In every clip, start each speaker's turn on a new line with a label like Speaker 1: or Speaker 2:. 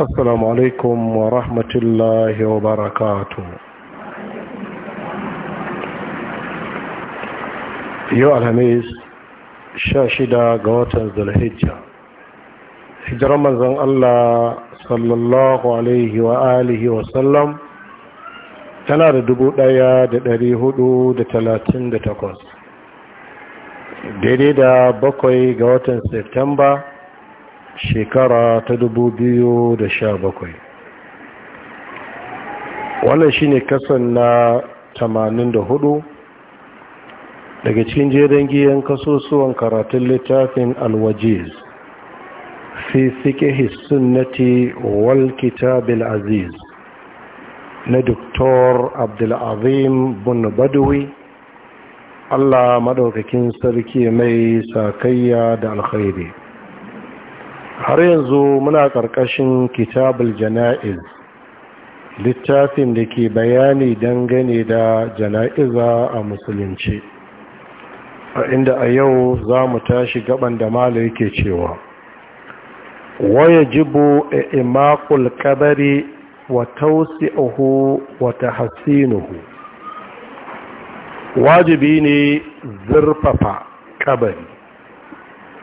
Speaker 1: السلام عليكم ورحمة الله وبركاته يو الهميز شاشدا قوتا ذو الهجة هجر رمضان الله صلى الله عليه وآله وسلم tana da dubu ɗaya da ɗari hudu دا talatin da takwas daidai da bakwai ga watan Septemba shekara ta dubu biyu da sha bakwai. wannan shine kasan na tamanin da hudu daga cikin jerin giyan kasusuwan karatun littafin alwajiz fi fiƙe sunnati wal kitabil aziz na doktor abdulazim bin badawi allah maɗaukakin sarki mai sakayya da alkhairi har yanzu muna ƙarƙashin kitabul jana'iz littafin da ke bayani dangane da jana'iza a musulunci a inda a yau za mu tashi gaban da mala yake cewa waya jibo a imakul kabari wa tausi'uhu wa tahsinuhu wajibi ne zurfafa kabari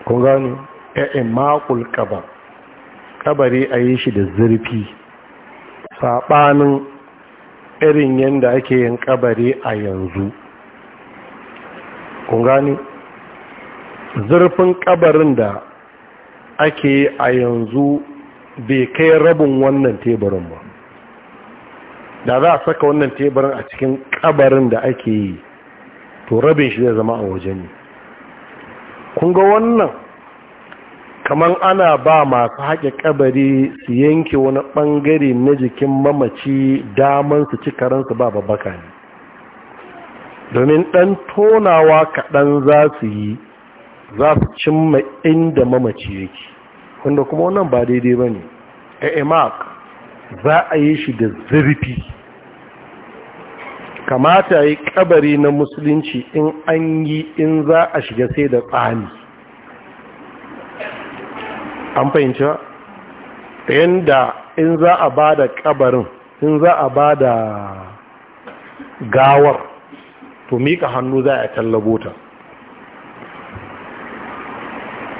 Speaker 1: kun gani i'maqul qabr kabari a yi shi da zurfi saɓanin irin yadda ake yin kabari a yanzu kun gani zurfin kabarin da ake a yanzu bai kai rabin wannan teburin ba da za a saka wannan teburin a cikin kabarin da ake yi to rabin shi zai zama a waje ne kunga ga wannan Kaman ana ba masu haƙe ƙabari su yanke wani ɓangare na jikin mamaci daman su ci karansu ba babbaka ne domin ɗan tonawa kaɗan za su yi za su cimma inda mamaci yake wanda kuma wannan ba daidai ba ne emak za a yi shi da zurfi kamata yi ƙabari na musulunci in an yi in za a shiga sai da tsami an fahimci ba yadda in za a ba da kabarin in za a ba da gawar to mika hannu za a tallabo ta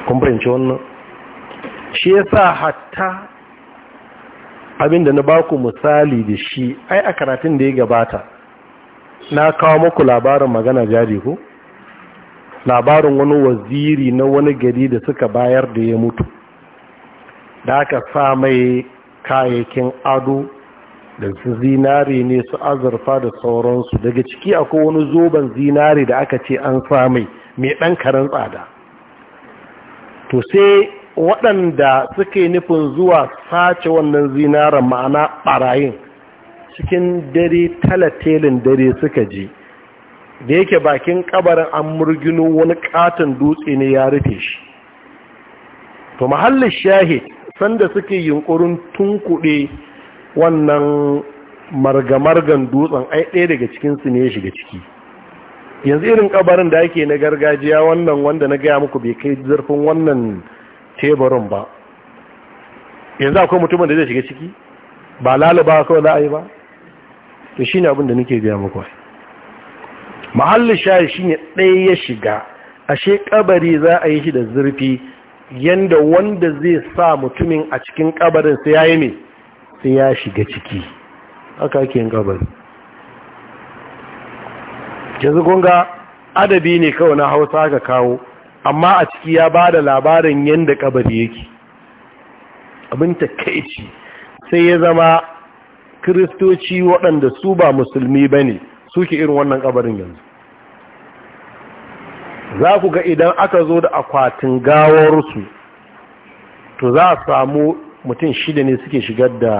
Speaker 1: kun fahimci wannan shi ya sa hatta abinda na baku misali da shi ai a karatun da ya gabata na kawo maku labarin magana jari ko labarin wani waziri na wani gari da suka bayar da ya mutu da aka sa mai kayayyakin ado da su zinari ne su azurfa da sauransu daga ciki akwai wani zoben zinari da aka ce an sa mai ɗan karen tsada to sai waɗanda suke nufin zuwa sace wannan zinaran ma'ana ɓarayin cikin dare talatelin dare suka je, da yake bakin kabarin an murgino wani katon dutse ne ya rufe shi to mahallin shahid sanda suke yunkurin tunkuɗe wannan margamargan dutsen ai ɗaya daga cikinsu ne ya shiga ciki yanzu irin kabarin da ake na gargajiya wannan wanda na gaya muku bai kai zurfin wannan teburin ba yanzu akwai mutumin da zai shiga ciki ba lalaba kawai za a yi ba to shine abin da nake gaya muku mahallin shi shine ɗaya ya shiga ashe kabari za a yi shi da zurfi yanda wanda zai sa mutumin a cikin kabarin sai yi ne sai ya shiga ciki haka ake yin kabari yanzu kunga adabi ne kawai na hausa ga kawo amma a ciki ya ba da labarin yanda kabari yake abin ta takaici sai ya zama kiristoci waɗanda su ba musulmi ba ne suke irin wannan kabarin yanzu za ku ga idan aka zo da akwatin gawarsu to za a samu mutum shida ne suke shigar da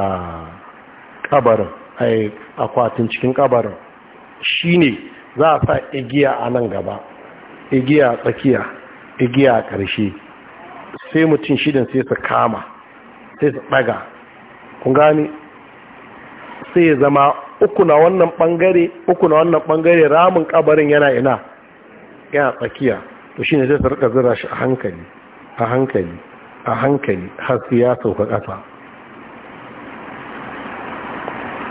Speaker 1: kabarin akwatin cikin kabarin shi ne za a sa igiya a nan gaba igiya tsakiya igiya ƙarshe sai mutum shidan sai su kama sai su ɗaga kun gani sai ya zama uku na wannan ɓangare uku na wannan ɓangare ramin ƙabarin yana ina ya tsakiya to shine zai rika zira shi a hankali a hankali a hankali har su ya sauka ƙasa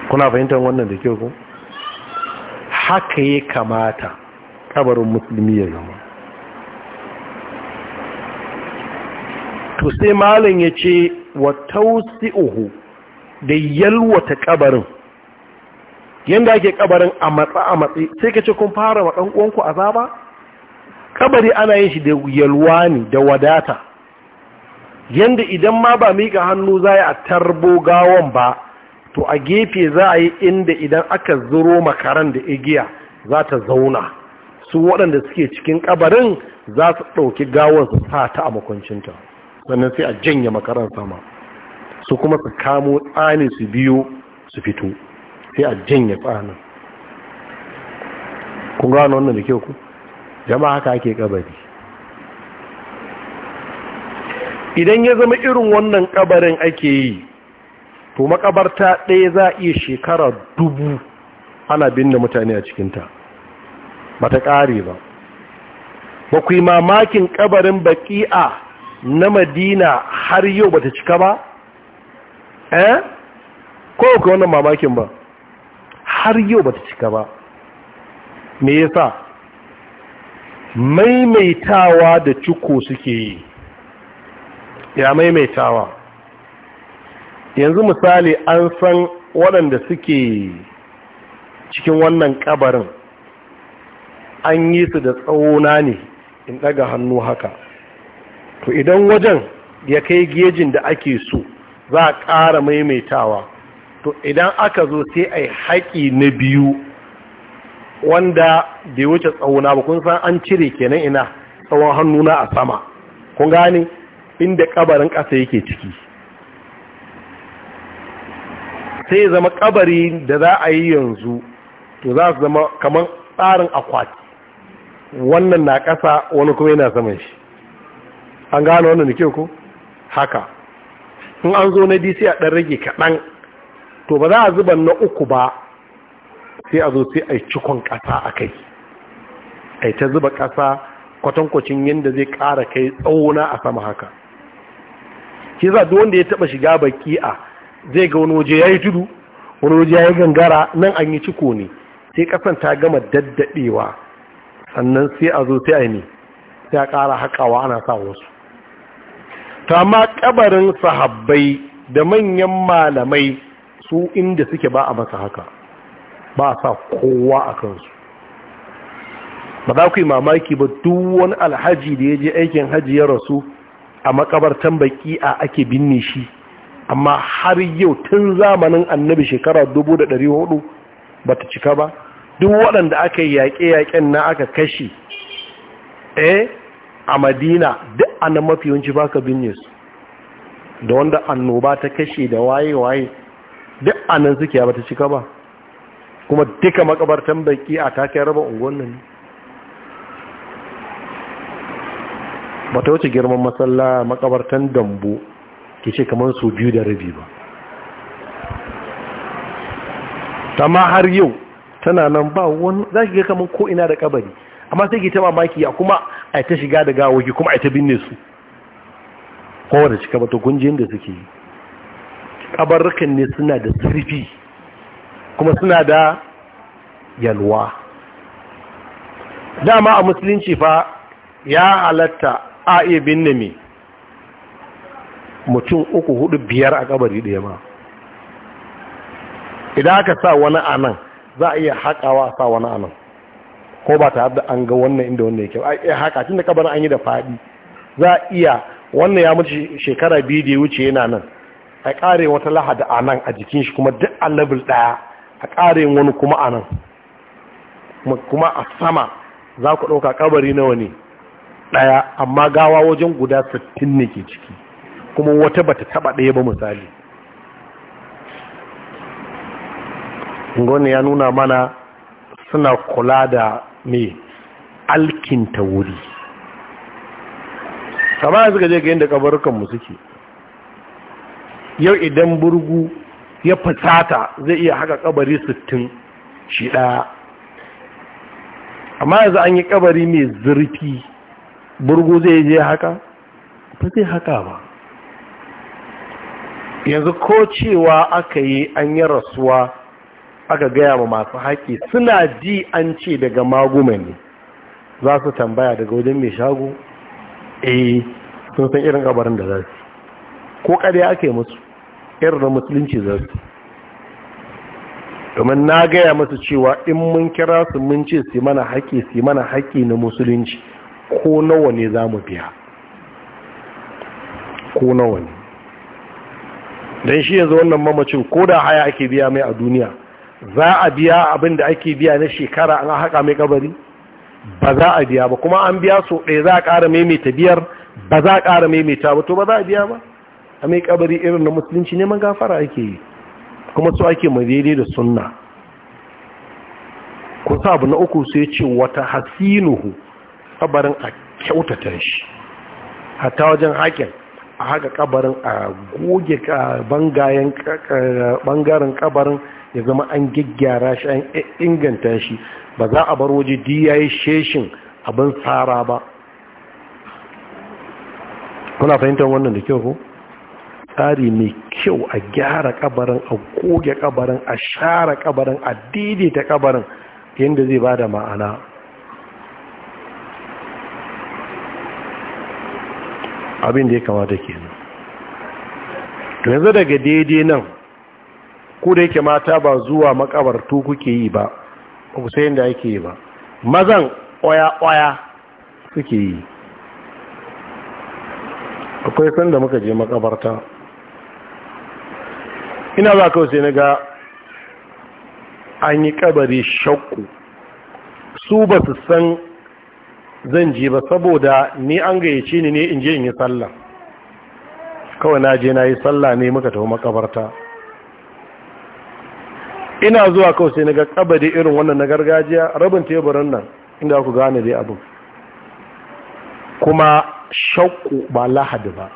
Speaker 1: kuna fahimtar wannan da kyau ko haka ya kamata kabarin musulmi ya zama to sai malam ya ce wa uhu da yalwata kabarin yadda ake kabarin a matsa a matsi sai ka ce kun fara wa ɗan uwanku azaba kabari ana yin shi da yalwa ne da wadata yanda idan ma ba miƙa hannu za a tarbo gawon ba to a gefe za a yi inda idan aka zuro makaran da igiya za ta zauna su waɗanda suke cikin kabarin za su ɗauki gawon su sa ta a makoncinta sannan sai a janye makaran sama su kuma su kamo tsani su biyo su fito sai a janye tsanin kun gano wannan da kyau ku jama'a haka ake kabari idan ya zama irin wannan kabarin ake yi to makabarta ɗaya za a iya shekara dubu ana binne mutane a cikinta ba ta ƙare ba ba ku yi mamakin kabarin baki'a na madina har yau ba ta cika ba eh ko ku wannan mamakin ba har yau ba ta cika ba me yasa maimaitawa da cuko suke yi ya maimaitawa yanzu misali an san waɗanda suke cikin wannan kabarin an yi su da tsawona ne in ɗaga hannu haka to idan wajen ya kai gejin da ake so za a ƙara maimaitawa to idan aka zo sai a yi haƙi na biyu wanda bai wuce tsawona ba kun san an cire kenan ina tsawon hannuna a sama kun gane inda kabarin ƙasa yake ciki sai zama kabari da za a yi yanzu to za su zama kamar tsarin akwati wannan na ƙasa wani kuma yana saman shi an gano wannan da kyau ko haka in an zo na dc a ɗan rage kaɗan to ba za a zuba na uku ba sai a zo sai a yi cikon ƙasa a kai a yi ta zuba ƙasa kwatankwacin yadda zai ƙara kai tsawona a sama haka Ke za duk wanda ya taɓa shiga a, zai ga wani waje ya yi tudu wani waje ya yi gangara nan an yi ciko ne sai ƙasan ta gama daddaɗewa sannan sai a zo sai a yi ne, sai a ƙara haƙawa ana sa wasu ta ma ƙabarin sahabbai da manyan malamai su inda suke ba a masa haka ba sa kowa a kansu ba za ku yi mamaki ba duk wani alhaji da ya je aikin haji ya rasu a makabartan baki a ake binne shi amma har yau tun zamanin annabi shekara 1400 ba ta cika ba duk waɗanda aka yaƙe-yaƙen na aka kashe eh a madina duk ana mafi yawanci ba ka binne su da wanda annoba ta kashe da waye-waye duk anan suke ba ta cika ba kuma duka makabartan baki a taken raba unguwan nan ba ta wuce girman matsala makabartan dambu ke ce kamar su biyu da rabi ba ma har yau tana nan ba wani za ki ga kamar koina da kabari amma sai ki ta mamaki ya kuma a ta shiga da gawaki kuma a ta binne su kowane cika ba to da suke yi kabarrukan ne suna da sirfi kuma suna da yalwa dama a musulunci fa ya halatta a iya binne mai mutum uku hudu biyar a kabari daya ma idan aka sa wani anan za a iya haƙawa sa wani anan ko ba tare da an ga wannan inda wannan yake a iya haƙa tun da kabarin an yi da faɗi za a iya wannan ya mutu shekara biyu da ya wuce yana nan a ƙare wata lahada a nan a jikin shi kuma duk a level ɗaya a ƙarin wani kuma a nan kuma a sama za ku ɗauka ƙabari nawa ne ɗaya amma gawa wajen guda sittin ne ke ciki kuma wata bata taɓa ɗaya ba misali gwani ya nuna mana suna kula da mai alkinta wuri kama ya suka je ga yadda ƙabarukanmu suke yau idan burgu ya fusata zai iya haka kabari sittin shi ɗaya amma yanzu an yi kabari mai zurfi burgu zai je haka ba zai haka ba yanzu ko cewa aka yi an yi rasuwa aka gaya ma masu haƙi suna ji an ce daga maguma ne za su tambaya daga wajen mai shago eh sun san irin kabarin da za su ko ya ake musu irin na musulunci za su domin na gaya masu cewa in mun kira su mun ce su mana haƙƙi su mana haƙƙi na musulunci ko nawa ne za mu biya ko nawa ne don shi yanzu wannan mamacin ko da haya ake biya mai a duniya za a biya abin da ake biya na shekara an haƙa mai kabari ba za a biya ba kuma an biya so ɗaya za a ƙara maimaita biyar ba za a ƙara maimaita ba to ba za a biya ba a mai kabari irin na musulunci neman gafara ake yi kuma su ake daidai da sunna ko sa abu na uku sai ce wata hasinuhu kabarin a kyautata shi hatta wajen haƙin a haka kabarin a goge bangaren kabarin ya zama an gyaggyara shi an inganta shi ba za a bar waje yi sheshin abin tsara ba kuna fahimtar wannan da kyau ko? tsari mai kyau a gyara kabarin a goge kabarin a share kabarin a daidaita kabarin yadda zai bada ma'ana abin da ya kamata yanzu daga daidai nan ko da yake mata ba zuwa makabartu kuke yi ba ba sai da ake yi ba mazan oya-oya suke yi akwai sanda muka je makabarta ina za kawai sai na ga an yi kabari shakku su ba su san zan je ba saboda ni an gayyace ni ne in je in yi sallah kawai na je na yi sallah ne muka tafi makabarta ina zuwa kawai sai na ga kabari irin wannan na gargajiya rabin teburin nan inda ku gane dai abin kuma shakku ba lahadi ba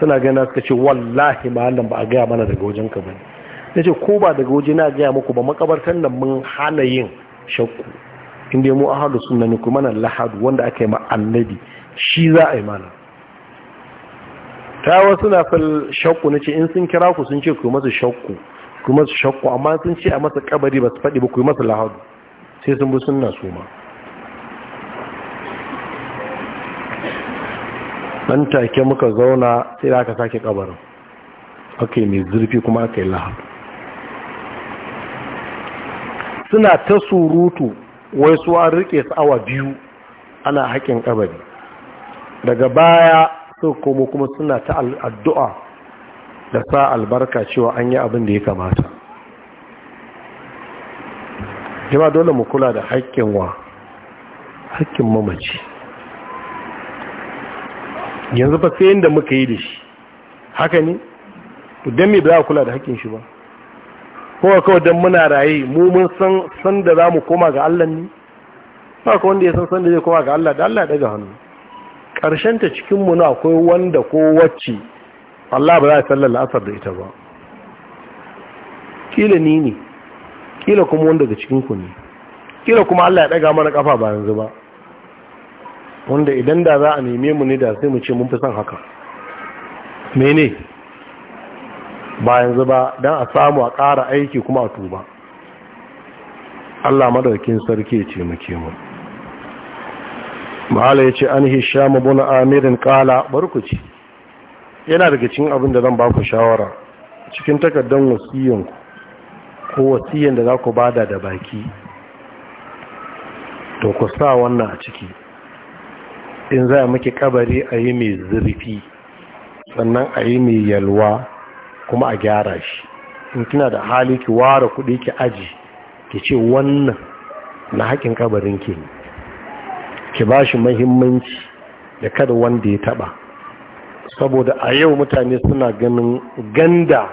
Speaker 1: suna gana suka ce wallahi malam ba a gaya mana daga wajen ka bane ya ce ko ba daga waje na gaya muku ba makabartan nan mun hana yin shakku inda mu ahadu sunna ne kuma nan lahadu wanda aka yi ma annabi shi za a yi mana ta yawa na fal shakku na ce in sun kira ku sun ce ku masa shakku ku masa shakku amma sun ce a masa kabari ba su faɗi ba ku masa lahadu sai sun bi sunna su ma nan take muka zauna sai aka sake kabarin aka yi mai zurfi kuma aka yi lahar suna ta surutu wai su an rike su awa biyu ana haƙin kabari daga baya su komo kuma suna ta addu'a da sa albarka cewa an yi abin da ya kamata jima dole mu kula da haƙƙin wa haƙƙin mamaci yanzu fa sai yadda muka yi da shi haka ne don me ba za kula da haƙƙin shi ba kuma kawai don muna raye mu mun san san da za mu koma ga Allah ne ba ka wanda ya san san da zai koma ga Allah da Allah daga hannu ta cikin mu na akwai wanda ko wacce Allah ba za a sallar la'asar da ita ba kila ni ne kila kuma wanda daga cikin ku ne kila kuma Allah ya daga mana kafa ba yanzu ba wanda idan da za a neme mu ne da sai mu ce mun fi son haka mene ba yanzu ba don a samu a ƙara aiki kuma a tuba Allah madaukin sarki ce muke mu ma'ala ya ce an hisham ibn amirin kala barkuci yana daga cikin abin da zan ba ku shawara cikin takardar wasiyanku ko wasiyan da za ku bada da baki to ku sa wannan a ciki in za a miki kabari a yi mai zurfi sannan a yi mai yalwa kuma a gyara shi in kina da hali ki ware kuɗi ki aji ki ce wannan na haƙin kabarin ki ki ba shi mahimmanci da kada wanda ya taɓa saboda a yau mutane suna ganin ganda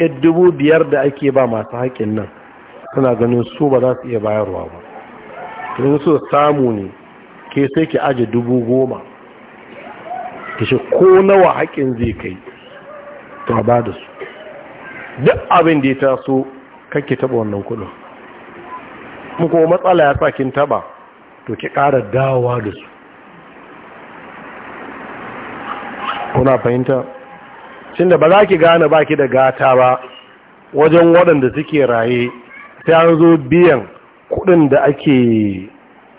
Speaker 1: yan dubu biyar da ake ba masu haƙin nan suna ganin su ba za su iya bayarwa ba tun so samu ne ke sai ki aje dubu goma ki shi ko nawa haƙin zai kai ta ba da su duk abin da ya taso kake taba wannan kudin mu kuma matsala ya sa taba to ki ƙara dawowa da su kuna fahimta cin da ba za ki gane ba ki da gata ba wajen waɗanda suke raye sai an zo biyan kudin da ake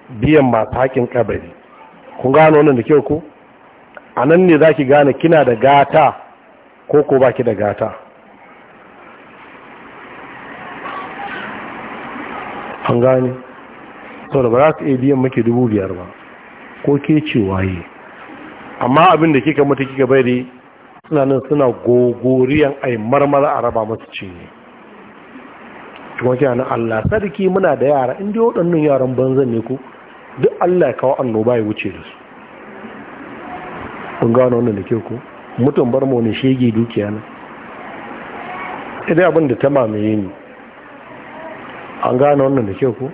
Speaker 1: biyan masu haƙin kabari kun gano wannan da kyau ku a nan ne za ki gane kina da gata ko ko baki da gata an gane sau da ba za ka iya biyan maki dubu biyar ba ko ke ce waye amma abin da kika mutu kika bari suna nan suna gogoriyan ai marmara a raba masu cinye kuma kina na allah sarki muna da yara inda waɗannan yaran banzan ne ku duk Allah ya kawo annoba ya wuce da su kun gano wannan da ke ku mutum bar mu ne shege dukiya na idan abin da ta mamaye ni an gano wannan da ke ku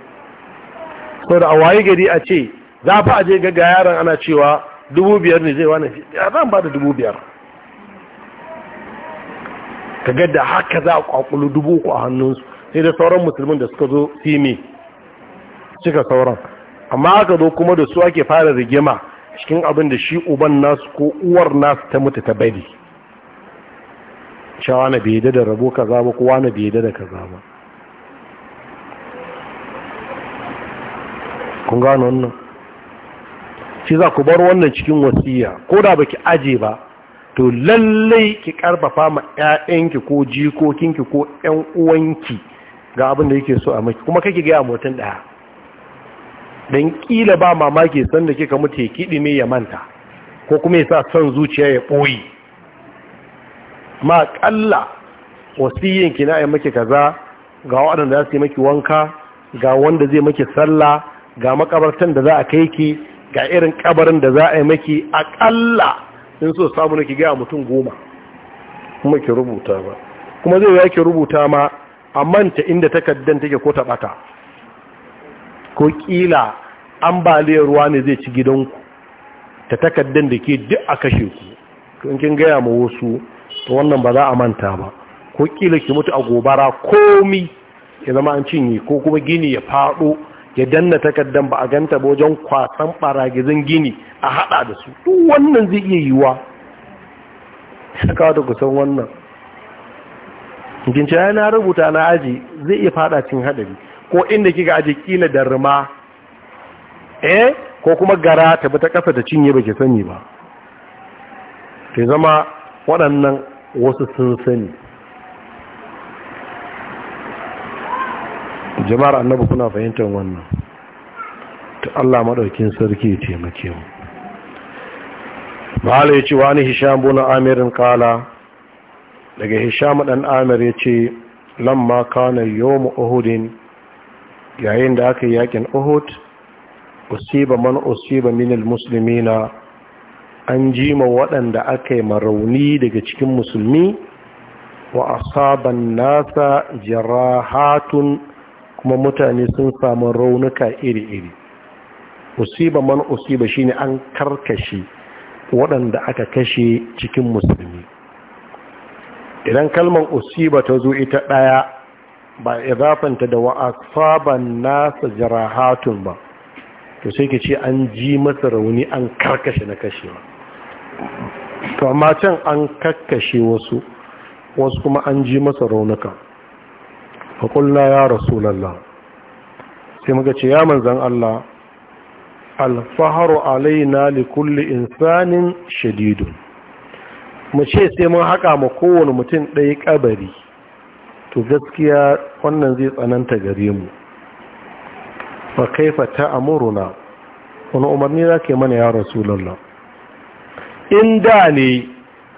Speaker 1: sau da a waye gari a ce za fa aje ga yaran ana cewa dubu biyar ne zai wani ya zan ba da dubu biyar ka gadda haka za a kwakulu dubu ku a hannunsu sai da sauran musulmin da suka zo simi cika sauran amma aka zo kuma da su ake fara rigima cikin abin da shi uban nasu ko uwar nasu ta mutu ta bari cewa na bai da rabo kaza ba kowa na bai da kaza ba kun gano wannan shi za ku bar wannan cikin wasiya ko da baki aje ba to lallai ki karfafa ma 'ya'yanki ko jikokinki ko 'yan uwanki ga abin da yake so a maki kuma kake gaya mutum ɗaya don kila ba mamaki sanda kika mutu ya kiɗi mai ya manta ko kuma ya sa son zuciya ya ɓoyi ma ƙalla wasiyyanki na yi maki kaza ga waɗanda za su yi maki wanka ga wanda zai maki sallah ga makabartan da za a kai ki ga irin kabarin da za a yi maki ƙalla in so samu ki gaya mutum goma kuma ki rubuta ba kuma zai ya ki rubuta ma a manta inda takaddan take ko ta ko ƙila ambaliyar ruwa ne zai ci gidanku ta takaddan da ke duk a kashe ku in kin gaya ma wasu to wannan ba za a manta ba ko kila ki mutu a gobara komi ya zama an cinye ko kuma gini ya faɗo ya danna takaddan ba a ganta ba wajen kwasan baragizin gini a haɗa da su duk wannan zai iya yiwa saka da kusan wannan kin na rubuta na aji zai iya faɗa cin haɗari ko inda kika aji kila da rima eh ko kuma gara ta bi ta ƙasa ta cinye ba ke sani ba ke zama waɗannan wasu sun sani jama'ar annabi kuna fahimtar wannan ta Allah maɗaukin sarki ya taimake mu mahala ya ce wani hisham buna amirin kala daga hisham ɗan amir ya ce lamma kanar yawon uhudin yayin da aka yi yakin uhud usiba man usiba minal muslimina an jima waɗanda aka yi marauni daga cikin musulmi wa asaban nasa jarahatun kuma mutane sun samu raunuka iri-iri usiba man usiba shine an karkashe waɗanda aka kashe cikin musulmi idan kalmar usiba ta zo ita ɗaya ba izafanta da wa asaban nasa jarahatun ba to sai ki ce an ji masa rauni an karkashe na kashewa to amma can an karkashe wasu wasu kuma an ji masa raunuka kulla ya rasu lallah sai muka ce ya manzan Allah alfaharu alaina li kulli insanin shadidu mu ce sai mun haƙa ma kowane mutum ɗaya ƙabari to gaskiya wannan zai tsananta gare mu fa kaifa muruna wani umarni za yi mana ya rasulullah in da ne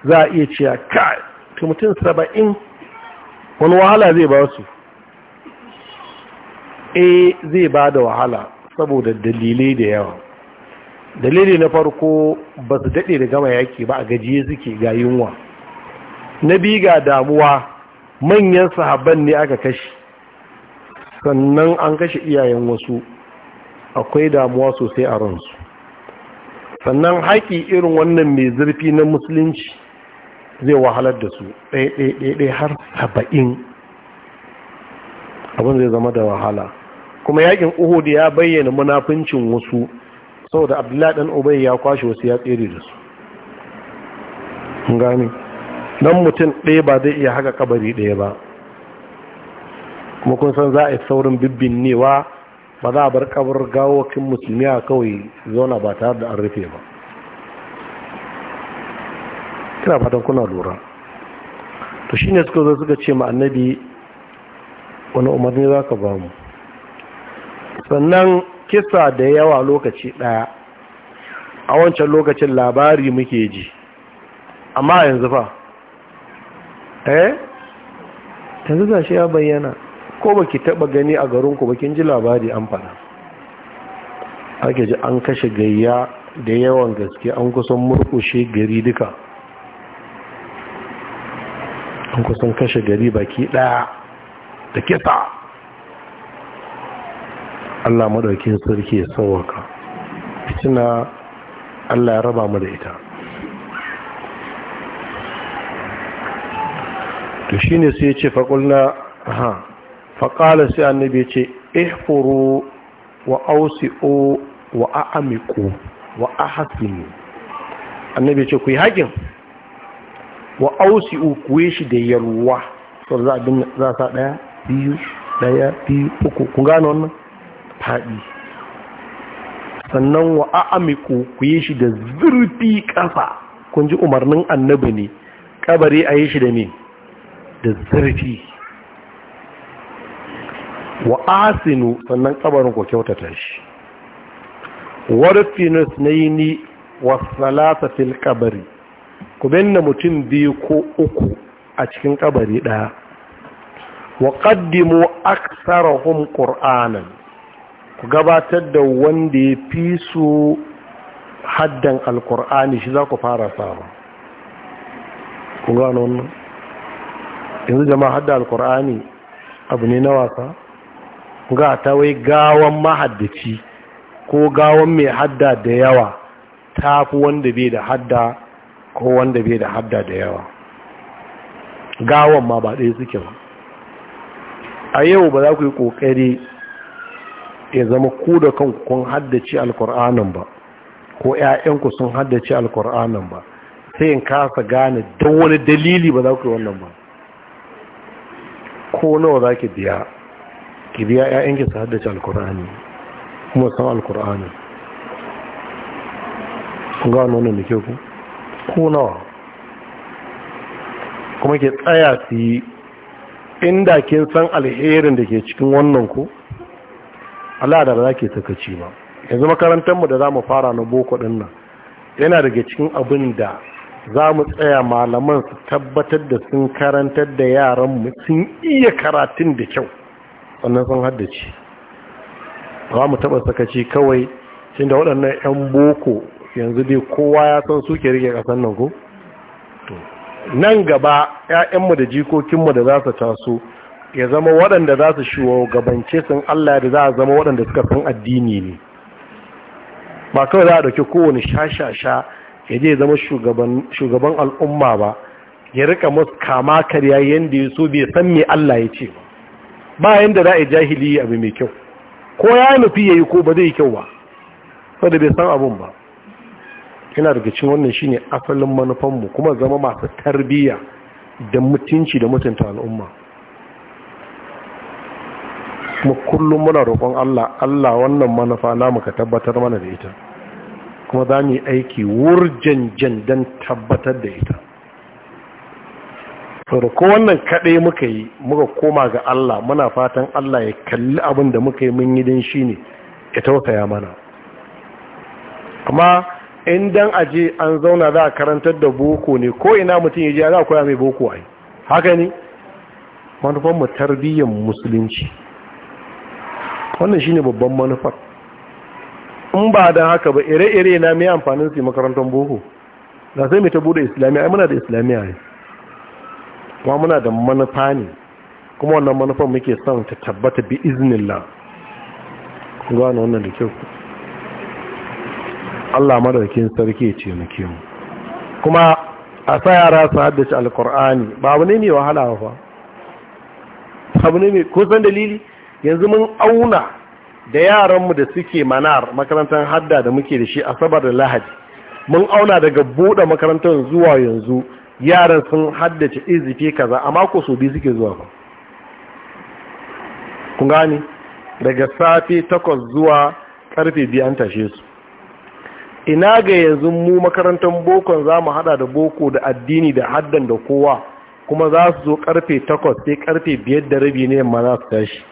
Speaker 1: za a iya cewa kai ta mutum saba'in wani wahala zai ba su eh, zai ba da wahala saboda dalilai da yawa dalilai na farko ba su daɗe da gama yaki ba a gajiye suke ga yunwa na biyu ga damuwa manyan sahabban ne aka kashe sannan an kashe iyayen wasu akwai damuwa sosai a ransu sannan haƙi irin wannan mai zurfi na musulunci zai wahalar da su ɗaiɗaiɗaiɗai har saba'in abin zai zama da wahala kuma yakin uhud ya bayyana munafincin wasu saboda abdullahi ɗan obai ya kwashe wasu ya tsere da su gani dan mutum ɗaya ba zai iya haka kabari ɗaya ba kuma kun san za a yi saurin bibbin newa ba za a bar kabar gawokin musulmi a kawai zauna ba tare da an rufe ba kina fatan kuna lura to shine suka zo suka ce ma annabi wani umarni za ka ba mu sannan kisa da yawa lokaci ɗaya a wancan lokacin labari muke ji amma yanzu fa eh yanzu za shi ya bayyana ko ba ki taba gani a garinku kin ji labari an fara ake ji an kashe gayya da yawan gaske an kusan murkushe gari duka an kusan kashe gari baki daya da kisa. Allah madaukin sarki ya sauwaka fitina Allah ya raba mu da ita to shine sai ya ce faƙulna ha faƙala sai annabi ce ihfuru wa ausi'u wa a'amiku wa ahsinu annabi ce ku yi hakin, wa ausi'u ku yi shi da yarwa sau za a bin za sa ɗaya biyu ɗaya biyu uku kun gano wannan faɗi sannan wa a'amiku ku yi shi da zurfi ƙasa kun ji umarnin annabi ne kabari a yi shi da ne da zurfi wa asinu sannan kabarin ku kyautata shi warfinus na yi ni fil kabari ku binne mutum biyu ko uku a cikin kabari ɗaya wa ƙaddimu aksarahum ƙur'anan ku gabatar da wanda ya fi su haddan alƙur'ani shi za ku fara samu ku gano wannan yanzu jama'a hadda alkur'ani abu ne na wasa ga ta wai gawan mahaddaci ko gawan mai hadda da yawa ta fi wanda bai da hadda ko wanda bai da hadda da yawa gawan ma ba ɗaya suke ba a yau ba za ku yi ƙoƙari ya zama ku da kan kun haddace alkur'anin ba ko 'ya'yanku sun haddace alkur'anin ba sai in kasa gane don wani dalili ba za ku yi wannan ba ko nawa za ki biya ki biya ƴaƴanki su haddace alkur'ani kuma san alkur'ani kun ga wannan da ke ku ko nawa kuma ke tsaya su yi inda ke san alherin da ke cikin wannan ku Allah da za ke takaci ba yanzu makarantar mu da za mu fara na boko din nan yana daga cikin abin da za mu tsaya malaman su tabbatar da sun karantar da yaran mu sun iya karatun da kyau wannan sun haddace ba mu taɓa sakaci kawai shi da waɗannan ƴan boko yanzu dai kowa ya san suke rike ƙasar nan ko nan gaba ƴaƴanmu da jikokinmu da za su taso ya zama waɗanda za su gabance sun Allah da za a zama waɗanda suka san addini ne ba kawai za a ɗauki kowane shashasha ya je zama shugaban al'umma ba ya rika musu kama karya yadda ya so bai san me Allah ya ce ba ba yadda za a yi jahili abu mai kyau ko ya nufi ya yi ko ba zai yi kyau ba saboda bai san abun ba yana daga cikin wannan shine asalin manufanmu kuma zama masu tarbiyya da mutunci da mutunta al'umma kuma kullum muna roƙon Allah Allah wannan manufa namu ka tabbatar mana da ita kuma za mu yi aiki wurjanjan jan don tabbatar da ita to da ko wannan kaɗe muka yi muka koma ga Allah muna fatan Allah ya kalli abin da muka yi mun yi don shi ne ya tausaya mana amma in dan aje an zauna za a karantar da boko ne ko ina mutum ya je za a koya mai boko ai haka ne manufan mu tarbiyyar musulunci wannan shine babban manufar in ba don haka ba ire-ire na mai amfanin su makarantar boko da sai mai ta bude islamiyya ai muna da islamiyya ne kuma muna da manufa ne kuma wannan manufan muke son ta tabbata bi iznillah wani wannan da kyau Allah madaukin sarki ce muke mu kuma a sa yara su haddace alkur'ani ba abu ne mai wahala ba abu ne mai kusan dalili yanzu mun auna da yaranmu da suke manar makarantar hadda da muke da shi asabar da lahadi mun auna daga buɗe makarantar zuwa yanzu yaran sun haddace izifi kaza a mako su biyu suke zuwa ba kun gani daga safe takwas zuwa karfe biyu an tashe su ina ga yanzu mu makarantar bokon za mu hada da boko da addini da haddan da kowa kuma za su zo karfe takwas sai karfe biyar da rabi ne ma za su tashi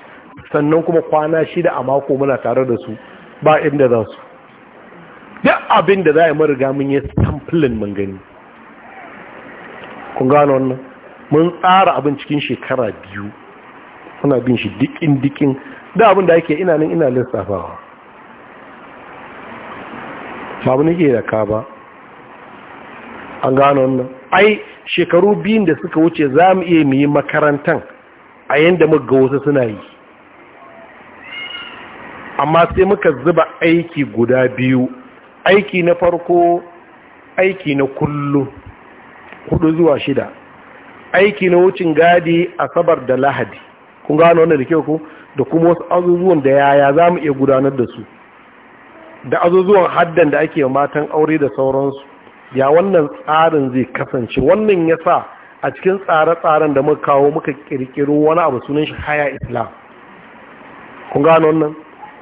Speaker 1: sannan kuma kwana shida a mako muna tare da su ba inda za su duk abin da za a yi mariga mun yi samfilin mun gani kun gano wannan mun tsara abin cikin shekara biyu muna bin shi dikin dikin da abin da ake ina nan ina lissafawa babu nake da ka ba an gano wannan ai shekaru biyun da suka wuce za mu iya mu yi makarantan a yadda muka wasu suna yi amma sai muka zuba aiki guda biyu aiki na farko aiki na kullum hudu zuwa shida aiki na wucin gadi asabar da lahadi kun gano wannan da kyau ku da kuma wasu azuzuwan da yaya za mu iya gudanar da su da azuzuwan haddan da ake matan aure da sauransu ya wannan tsarin zai kasance wannan ya sa a cikin tsare-tsaren da muka kawo muka kirkiro wani abu sunan shi haya islam kun gano wannan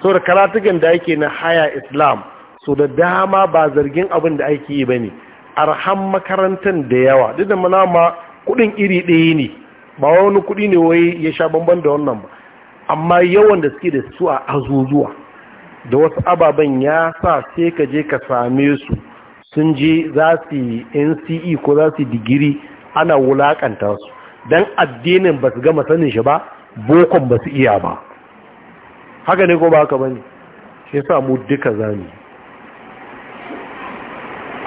Speaker 1: so da karatukan da ake na haya islam so da dama ba zargin abin da ake yi ba ne arhan makarantar da yawa duk da manama kudin iri ɗaya ne ba wani kudi ne wai ya sha bamban da wannan ba amma yawan da suke da su a azuzuwa da wasu ababen ya sa sai ka je ka same su sun je za su yi nce ko za su digiri ana wulakanta su don addinin ba su gama sanin shi ba bokon ba su iya ba haka ne ko ba haka bane shi sa mu duka zani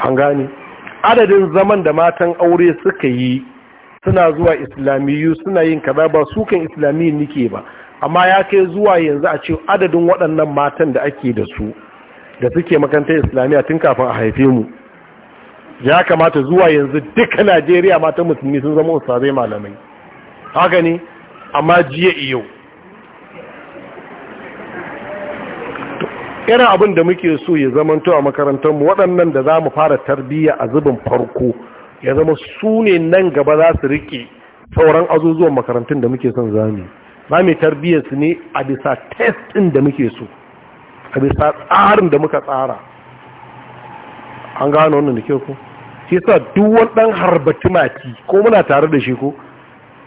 Speaker 1: an gani adadin zaman da matan aure suka yi suna zuwa islamiyu suna yin kaza ba su kan islamiyu nike ba amma ya kai zuwa yanzu a ce adadin waɗannan matan da ake da su da suke makarantar islamiyya tun kafin a haife mu ya kamata zuwa yanzu duka najeriya matan musulmi sun zama usare malamai haka ne amma jiya iyo irin abin da muke so ya zamanto a makarantar mu waɗannan da za mu fara tarbiyya a zubin farko ya zama su ne nan gaba za su riƙe sauran azuzuwan makarantun da muke son zami za mu tarbiyyar su ne a bisa ɗin da muke so a bisa tsarin da muka tsara an gano wannan da ke ko shi sa duk wani ɗan harbati mati ko muna tare da shi ko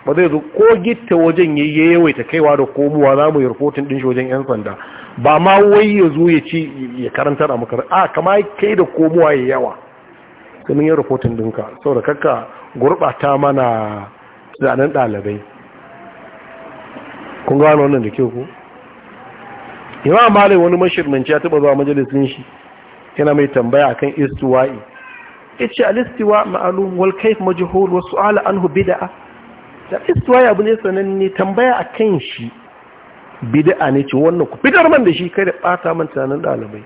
Speaker 1: ba zai zo ko gitta wajen ya yawaita kaiwa da komowa za mu yi rufotin ɗin shi wajen 'yan sanda ba ma wai ya zo ya ci ya karantar a makarar a kama kai da komowa ya yawa kuma yi rufotin ɗinka saboda kakka gurɓata mana zanen ɗalibai kun gano wannan da kyau ku imam malai wani mashirmanci ya taɓa zuwa majalisun shi yana mai tambaya akan istiwa'i ya ce alistiwa ma'alum wal kaif majhul wa su'ala anhu bid'a da istuwa ya bune sananne tambaya a kan shi Bidi'a ne ce wannan ku fitar man da shi kai da bata man tunanin dalibai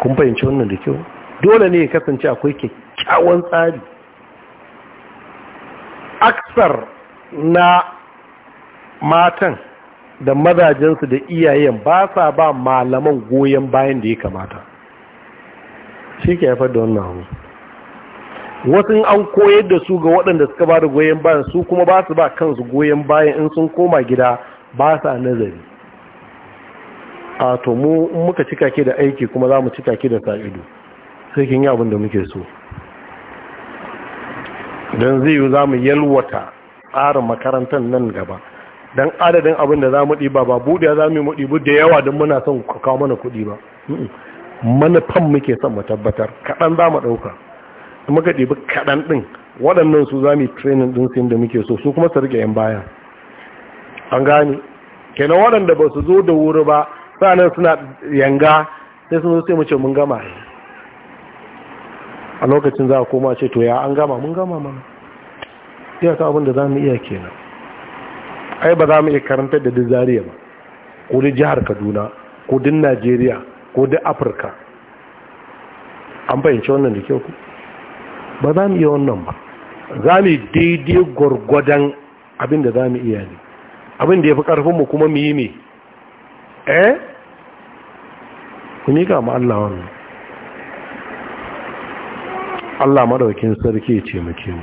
Speaker 1: kun fahimci wannan da kyau dole ne ya kasance akwai kyakkyawan tsari aksar na matan da mazajensu da iyayen ba sa ba malaman goyon bayan da ya kamata shi ke haifar da wannan hannu wasu an koyar da su ga waɗanda suka ba da goyon bayan su kuma ba su ba kansu goyon bayan in sun koma gida ba sa nazari a to mu muka cika ke da aiki kuma za mu cika ke da sa'ido sai kin yi abin da muke so don zai yi za mu yalwata tsarin makarantar nan gaba don adadin abin da za mu ɗiba ba buɗe za mu yi ɗibu da yawa don muna son kawo mana kuɗi ba manufan muke son mu tabbatar kaɗan za mu ɗauka muka ɗibi kaɗan ɗin waɗannan su za mu yi training ɗin sin da muke so su kuma su riƙe yan baya an gane kenan waɗanda ba su zo da wuri ba sa'anan suna yanga sai sun zo sai mu ce mun gama a lokacin za a koma ce to ya an gama mun gama mana ta abin da za mu iya kenan ai ba za mu iya karantar da duk zariya ba ko duk jihar kaduna ko duk najeriya ko duk afirka an fahimci wannan da kyau ku ba za mu iya wannan ba za mu daidai gwargwadon abin da za mu iya ne abin da ya fi ƙarfinmu kuma mu yi ne eh ku ga ma Allah wannan Allah madaukin sarki ya ce muke mu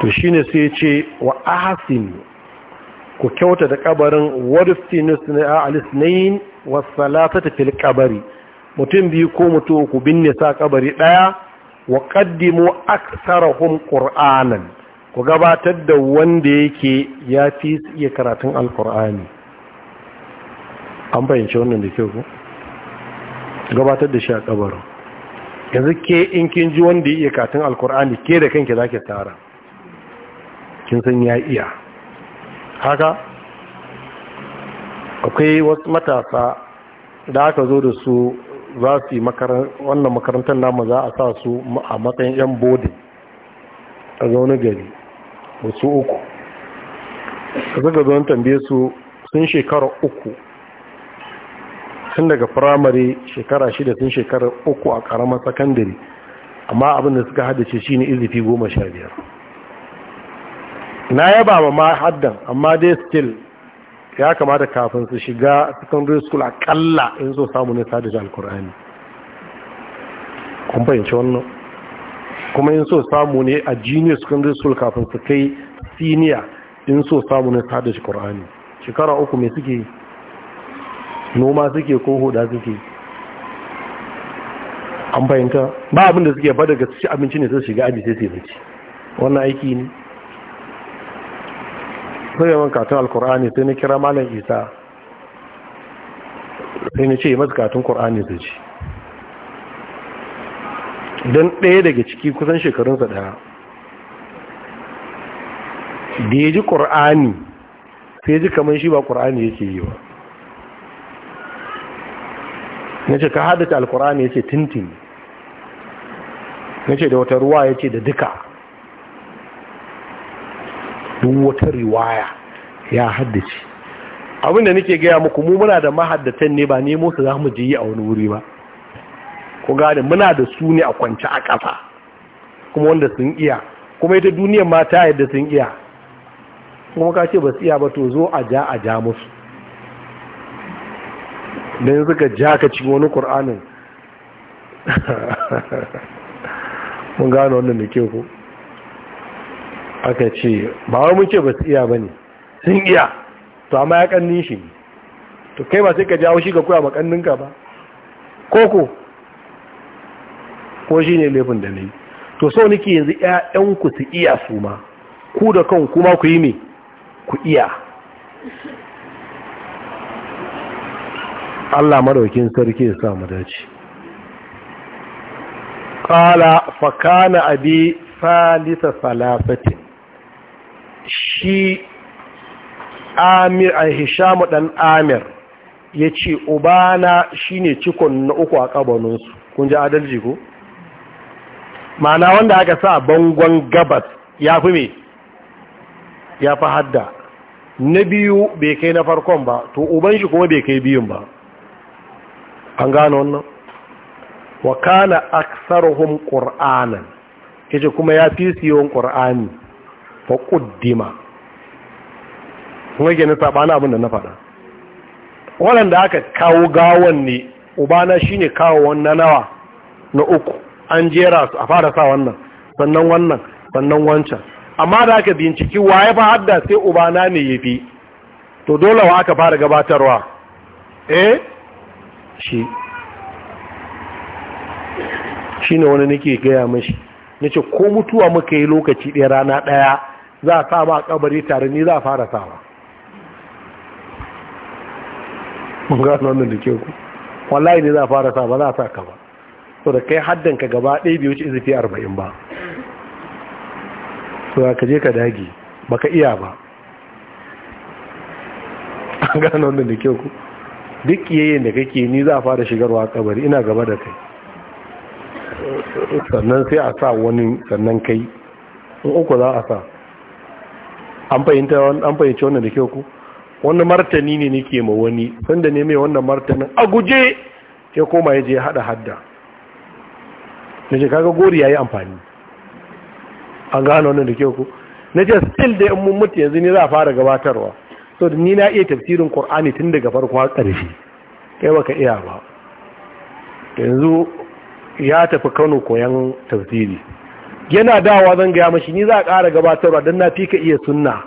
Speaker 1: to shine sai ce wa ahsin ku kyauta da kabarin wadfinus na alisnain wa salatata fil kabari mutum biyu ko mutu ku binne sa kabari daya wa kaddimu aktsarahum qur'anan ku gabatar da wanda yake ya fi iya karatun alqur'ani an bayyana wannan da kyau ku gabatar da shi a kabarin yanzu ke in kin ji wanda ya iya karatun alqur'ani ke da kanki zaki tara kin san ya iya haka akwai wasu matasa da aka zo da su za su yi wannan makarantar namu za a sa su a matsayin 'yan bodi a zaune gari wasu uku suka zaune tambaye su sun shekara uku sun daga firamare shekara shida sun shekara uku a karamar sakandare amma abinda suka haddace shi ne izifi goma sha biyar na yaba ma haddan amma dai still ya kamata kafin su shiga secondary school akalla in so samu ne da alkur'ani kun fahimci wannan kuma in so samu ne a junior secondary school kafin su kai senior in so samu ne da jalkur'ani shekara uku mai suke noma suke ko hoda suke an fahimta ba abinda suke daga cikin abinci ne sai shiga aji sai sai bace wannan aiki ne sai man katun alkur'ani sai na kira malam isa sai na ce yi masu katun kur'ani su ci don ɗaya daga ciki kusan shekarunsa ɗaya da ya ji ƙur'ani sai ji kamar shi ba ƙur'ani yake yi ba na ce ka ta alkur'ani ya ce tintin na ce da wata ruwa ya ce da duka duk wata riwaya ya haddace abinda nake gaya muku mu muna da mahaddatan ne ba nemo su za mu je yi a wani wuri ba ku gane muna da su ne a kwance a ƙasa kuma wanda sun iya kuma ita duniyar ma ta yadda sun iya kuma ka ce ba su iya ba to zo a ja a ja musu don suka ja ka ci wani ƙur'anin mun gane wannan da ke ku aka ce ba wa muke ce ba su iya ba ne sun iya to amma ya kan shi ne to kai ba sai ka jawo shi ga koya makanninka ba koko ko shi ne laifin da na to sau nake yanzu 'ya'yanku su iya su ma ku da kan kuma ku yi me ku iya Allah maraukin sarki ya samu dace qala fa kana abi salisa salafatin shi amir a hishamu dan amir ya ce ubana shi ne cikon na uku a ƙabaninsu kun ji adalci ko? mana wanda aka sa bangon gabas ya fi me ya fi hadda na biyu bai kai na farkon ba to uban shi kuma bai kai biyun ba an gano wannan wa kana aksaruhum qur'anan yace kuma ya fi siyon qur'ani fa kuddima kuma ke na abin da na faɗa waɗanda aka kawo gawon ne ubana shine kawo wannan nawa na uku an jera su a fara sa wannan sannan wannan sannan wancan amma da aka binciki waye fa hadda sai ubana ne ya fi? to dole wa aka fara gabatarwa eh shi ne wani nake gaya mashi nace ko mutuwa muka yi lokaci ɗaya rana ɗaya za a sa ma kabari tare ni za a fara sawa mun gano wannan da ke ku wallahi ne za a fara sa za a sa kama. so da kai haddan ka gaba ɗaya biyu ce izifi arba'in ba so ka je ka dage ka iya ba an gano wannan da ke ku duk kiyayen da kake ni za a fara shigarwa kabari ina gaba da kai sannan sai a sa wani sannan kai in uku za a sa an fahimci wannan da kyau ku wani martani ne nake ma wani sanda ne mai wannan martanin a guje ya koma ya je hada hadda na ce kaga gori ya yi amfani an gano wannan da kyau ku na ce still da mun mutu yanzu ne za a fara gabatarwa so ni na iya tafsirin kur'ani tun daga farko har ƙarshe kai baka iya ba yanzu ya tafi kano koyan tafsiri yana dawa zan gaya mashi ni za a ƙara gabatarwa don na fi ka iya sunna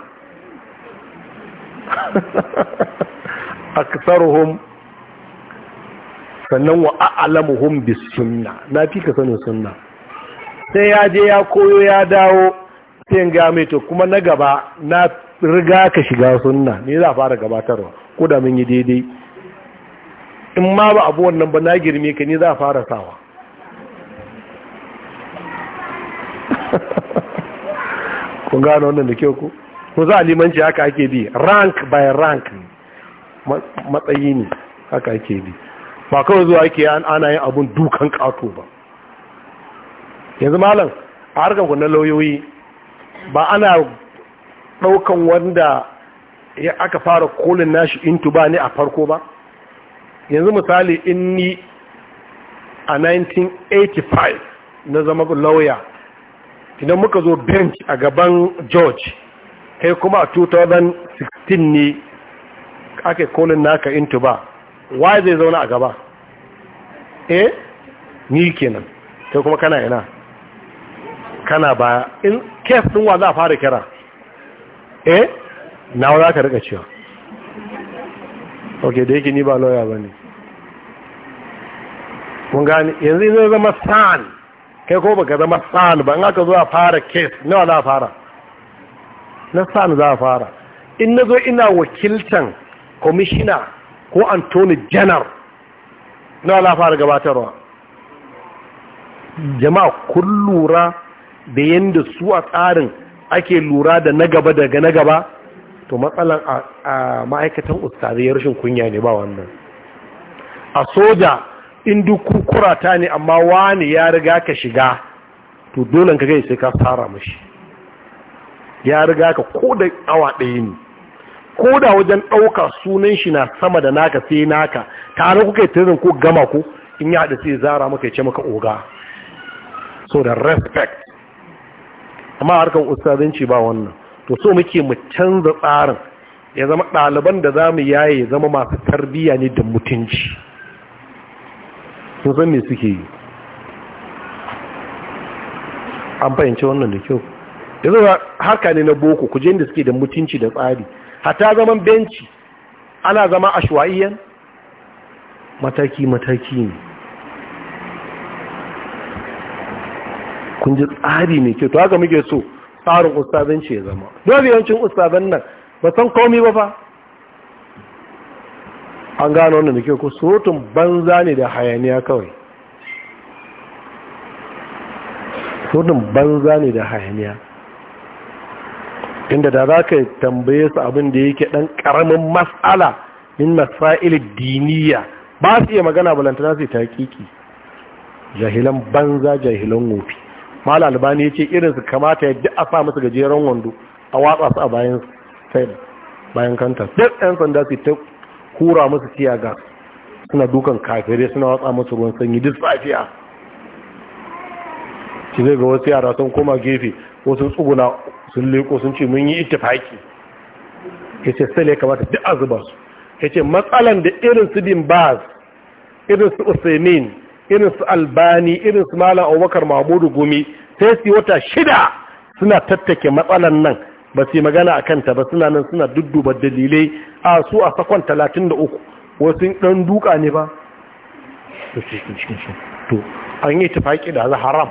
Speaker 1: aksaruhum sannan wa a'lamuhum bis sunna na fi ka sanin sunna sai ya je ya koyo ya dawo sai in ga mai to kuma na gaba na riga ka shiga sunna ne za fara gabatarwa ko yi daidai in ma ba abu wannan ba na girme ka ne za fara sawa kun gano wannan da kyau ku ko za a limanci haka ake bi rank by rank matsayi ne haka ake bi ba kawai zuwa ake ana yin abun dukan kato ba yanzu malam a harkar na lauyoyi ba ana daukan wanda ya aka fara kolin nashi intu ba ne a farko ba yanzu misali in ni a 1985 na zama lauya idan muka zo bench a gaban george kai kuma a 2016 ne ake kolin naka into ba waye zai zauna a gaba eh ni kenan kai kuma kana ina kana baya in kes din wa za a fara kira eh nawa za ka rika cewa ok da yake ni ba lawyer ba ne mun gane yanzu zai zama san kai ko baka zama sa'an ba in aka zo a fara kes nawa za a fara na sa'an za a fara in na zo ina wakiltan kwamishina ko antoni janar nawa za a fara gabatarwa jama'a kun lura da yadda su a tsarin ake lura da na gaba daga na gaba to matsalan a ma'aikatan ustazai rashin kunya ne ba wannan a soja in duk kukurata ne amma wani ya riga ka shiga to dole ka gai sai ka fara mashi ya riga ka ko da awa ɗaya ne ko da wajen ɗauka sunan shi na sama da naka sai naka tare kuka yi tirin ko gama ko in ya haɗa sai zara maka ce maka oga so da respect amma harkar ustazanci ba wannan to so muke mu canza tsarin ya zama ɗaliban da za mu yaye zama masu tarbiyya ne da mutunci sun san me suke yi an fahimci wannan da kyau yanzu ba harka ne na boko kuje da suke da mutunci da tsari hata zaman benci ana zama a ashwaiyan mataki-mataki ne kun ji tsari mai kyau to haka muke so tsarin ustazanci ya zama dole yawancin ustazan nan ba san komi ba fa an gano wanda da ke ku surutun banza ne da hayaniya kawai surutun banza ne da hayaniya inda da za ka tambaye su abin da yake ɗan ƙaramin matsala min matsa'il diniya ba su iya magana balantana su ta kiki jahilan banza jahilan wofi mal albani ya ce irinsu kamata yadda a sa musu gajeren wando a watsa su a bayan kanta duk 'yan sanda su ta hura musu siya ga suna dukan kafirai suna watsa musu ruwan sanyi duk safiya shi zai ga wasu yara sun koma gefe wasu tsuguna sun leko sun ce mun yi ittifaki ya ce sai ya kamata duk azuba su ya ce matsalan da irin su bin baz irin su usaimin irin su albani irin su malam abubakar mahmudu gumi sai su wata shida suna tattake matsalan nan ba su magana a kanta ba suna nan suna dudduba dalilai a su a sakon 33 wasu ɗan duka ne ba to an yi tufaƙi da za haram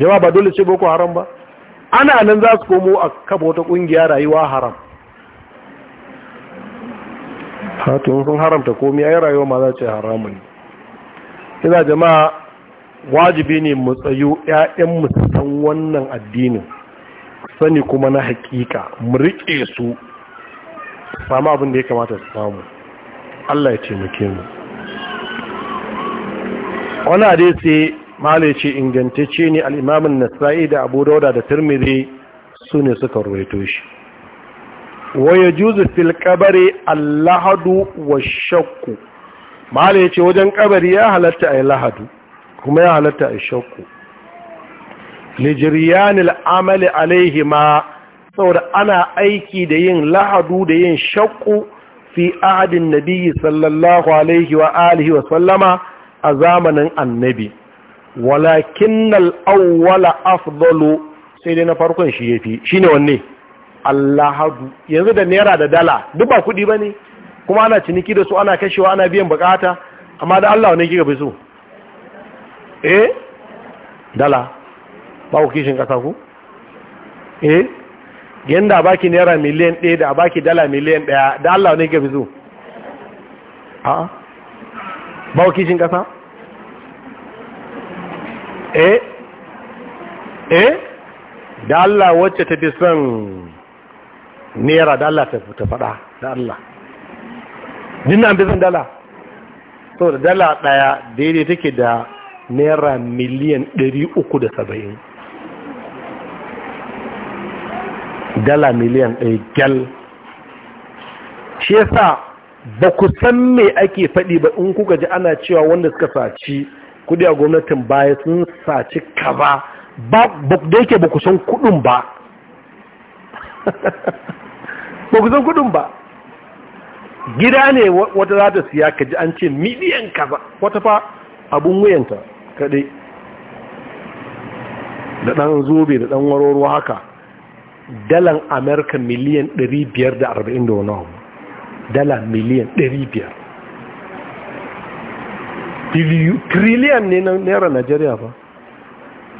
Speaker 1: jama ba dole ce boko haram ba ana nan za su komo a kaba wata ƙungiya rayuwa haram hatun sun haramta komi a yi rayuwa ma za ce haramu ne ina jama'a wajibi ne mu tsayo 'ya'yan mu wannan addinin sani kuma na hakika mu riƙe su samu abin da ya kamata su samu Allah ya taimake mu wani adai sai malai ce ingantacce ne al'imamin nasa'i da abu dauda da turmiri su ne suka ruwaito shi waya juzu fil kabari allahadu wa shakku malai ce wajen kabari ya halatta a lahadu kuma ya halatta a shakku lijiriyanil amali sau saboda ana aiki da yin lahadu da yin shakku fi ahadin Nabiyyu sallallahu alaihi wa alihi wa sallama a zamanin annabi walakin al’awwala afdalo sai dai na farkon shi shi ne wanne allahadu yanzu da naira da dala duk ba kudi ne? kuma ana ciniki da su ana kashewa ana biyan bukata amma da Allah ne kika su eh dala ba ku kishin ƙasa ku eh yanda baki naira miliyan ɗaya da baki dala miliyan ɗaya da Allah ne ke fi a ba ku kishin ƙasa eh eh da Allah wacce ta fi son naira da Allah ta faɗa da Allah dinna fi son dala so da dala ɗaya daidai take da naira miliyan ɗari uku da saba'in dala miliyan ɗaya gyal shi sa ba ku san me ake faɗi ba in kuka ji ana cewa wanda suka saci kudi a gwamnatin baya sun saci kaza ba da yake ba ku san kudin ba ba ku san kudin ba gida ne wata za ta siya ka ji an ce miliyan kaza wata fa abun wuyanta kaɗai da ɗan zobe da ɗan waroro haka dalan amerika miliyan 540 da dala miliyan 500 trillion ne na naira najeriya ba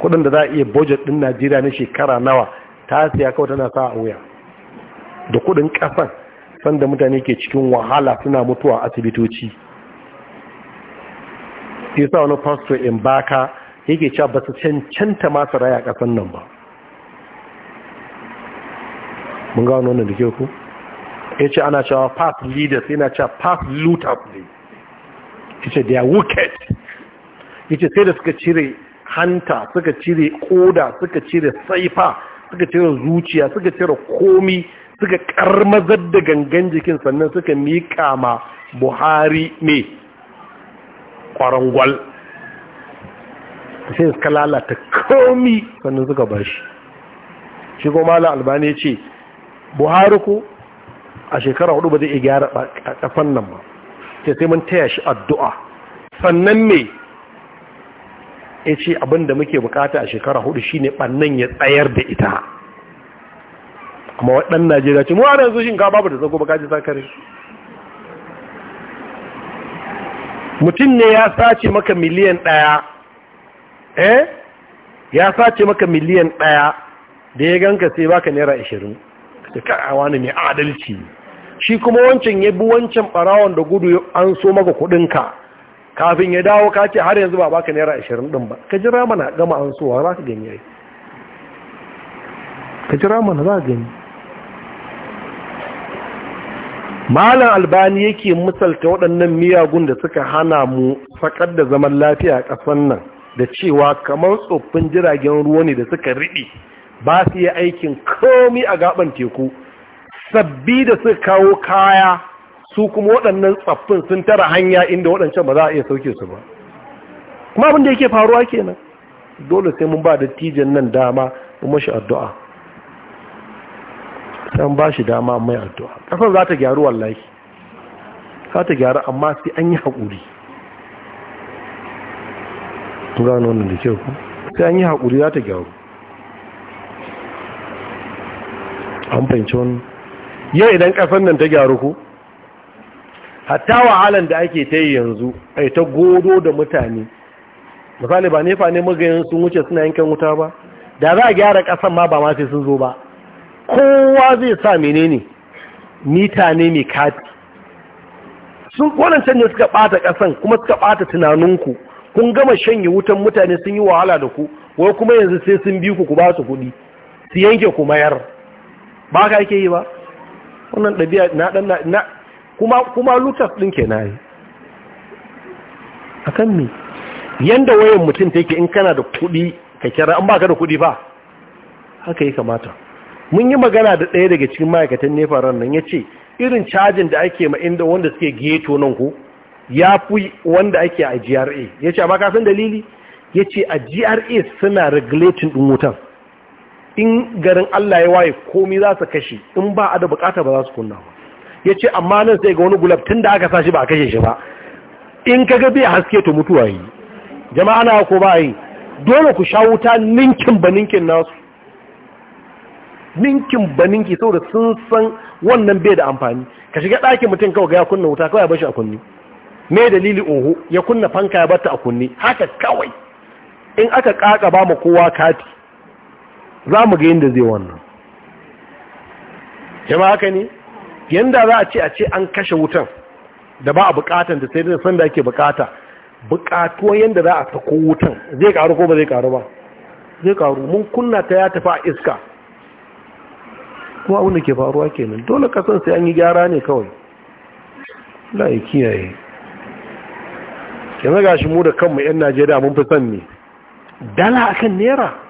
Speaker 1: kudin da za a iya budget din najeriya na shekara nawa ta siya kawai tana sa a wuya da kudin kasan sanda mutane ke cikin wahala suna mutuwa asibitoci yasa wani pastor in baka yake cewa ba su cancanta masu raya kasan nan ba mun gano wannan da ke ku ya ce ana cewa past leaders yana cewa past looters ne ya ce they are wicked ya ce sai da suka cire hanta suka cire koda suka cire saifa suka cire zuciya suka cire komi suka karmazar da gangan jikin sannan suka miƙa ma buhari ne ƙwarangwal sai suka lalata komi sannan suka bashi shi kuma malar albani ce buhari ku a shekara hudu ba zai iya gyara a kafan nan ba sai sai mun taya shi addu'a sannan me ya ce abinda muke bukata a shekara hudu shine bannan ya tsayar da ita amma waɗannan najeriya ce mu da yanzu shinkafa babu da zago bukaci zakari mutum ne ya sace maka miliyan ɗaya eh ya sace maka miliyan ɗaya da ya ganka sai baka naira ashirin da ka'awa ne mai adalci shi kuma wancan ya bi wancan barawon da gudu an so maka kudinka kafin ya dawo ka ce har yanzu ba baka naira ashirin din ba ka jira mana gama an sowa za ka gani ka jira mana za ka gani malam albani yake misalta waɗannan miyagun da suka hana mu sakar da zaman lafiya a ƙasar nan da cewa kamar tsoffin jiragen ruwa ne da suka riɗe ba su yi aikin komi a gaban teku sabbi da suka kawo kaya su kuma waɗannan tsaffin sun tara hanya inda waɗancan ba za a iya sauke su ba kuma abin da yake faruwa kenan dole sai mun ba dattijan nan dama mun mashi addu'a sai ba shi dama mai addu'a ƙasar za ta gyaru wallahi za ta gyaru amma sai an yi haƙuri gano wannan da kyau sai an yi haƙuri za ta gyaru an fahimci wannan yau idan ƙasar nan ta gyaru ku hatta wahalan da ake ta yi yanzu ai ta godo da mutane misali ba nefa ne magayin sun wuce suna yankin wuta ba da za a gyara kasan ma ba ma sun zo ba kowa zai sa menene mita ne mai kati sun kwanan ne suka bata kasan kuma suka ɓata tunaninku kun gama shanye wutan mutane sun yi wahala da ku wai kuma yanzu sai sun bi ku ku ba su kuɗi su yanke ku mayar ba ka ake yi ba wannan ɗabi'a na ɗan na kuma kuma lukas ɗin ke na yi a kan me yanda wayan mutum ta take in kana da kuɗi ka kira an ba ka da kuɗi ba haka yi kamata mun yi magana da ɗaya daga cikin ma'aikatan nefa ran nan ya ce irin cajin da ake ma inda wanda suke geto nan ko ya fi wanda ake a GRA ya ce ba ka san dalili ya ce a GRA suna regulating ɗin wutan in garin Allah ya waye komi za su kashe in ba a da bukata ba za su kunna ba ya ce amma nan sai ga wani gulab tun da aka sashi ba a kashe shi ba in ka gabi a haske to mutuwa yi jama'a na ko ba yi dole ku sha wuta ninkin ba ninkin nasu ninkin ba ninki saboda sun san wannan bai da amfani ka shiga ɗakin mutum kawai ga ya kunna wuta kawai ya bashi a kunni me dalili oho ya kunna fanka ya batta a kunni haka kawai in aka kaka ba mu kowa kati za mu ga yadda zai wannan jama'a haka ne yadda za a ce a ce an kashe wutan da ba a bukatan da sai da sanda ake bukata bukatuwa yadda za a sako wutan zai karu ko ba zai karu ba zai karu mun kunna ta ya tafi a iska kuma abin da ke faruwa kenan dole kasan sai an yi gyara ne kawai la ya kiyaye yanzu gashi mu da kanmu 'yan najeriya mun fi son ne dala akan naira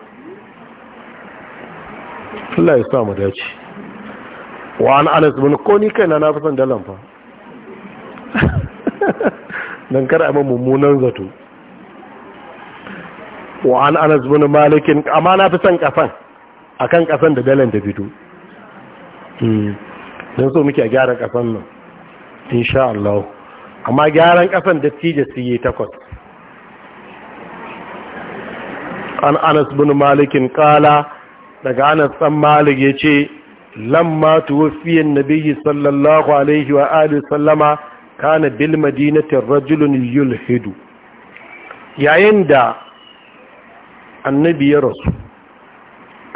Speaker 1: Allah ya sa mu dace wa an anas bin ko ni kaina na fi son dalan fa dan kar a ma mummunan zato wa an anas bin malikin amma na fi son kafan akan kasan da dalan da fito hmm. don so muke gyara kasan nan insha Allah amma gyaran kasan da tije siye takwas an anas bin malikin kala daga anas dan malik yace lamma tuwfiya annabi sallallahu alaihi wa alihi sallama kana bil madinatin rajulun yulhidu yayin da annabi ya rasu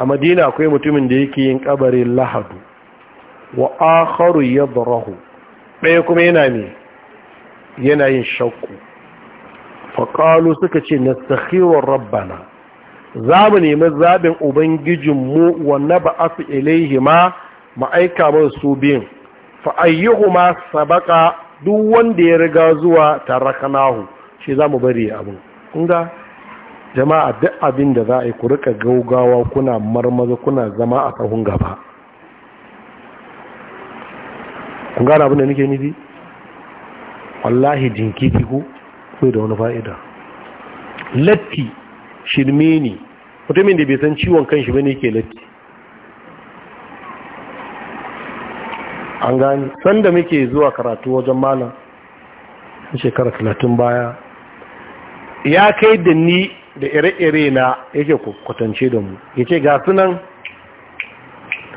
Speaker 1: a madina akwai mutumin da yake yin kabarin lahadu wa akharu yadrahu ɗaya kuma yana ne yana yin shakku faƙalu suka ce na sakhewar rabbana za mu nemi zaɓin ubangijinmu wanne ba a su ilaihi ma ma'aika ba su biyun ayyuhu ma sabaka duk wanda ya riga zuwa tarakanahu shi za mu bari abin kunga jama'a duk abin da za a yi ku rika gaugawa kuna marmaza kuna zama a kahun gaba kun gane abin da nake nufi wallahi jinkiri ku kai da wani fa'ida latti shirme ne mutumin da bai san ciwon kanshi bane ke latti an gani sanda muke zuwa karatu wajen malam shekara talatin baya ya kai da ni da ire-ire na yake kwatance da mu ya ce ga sunan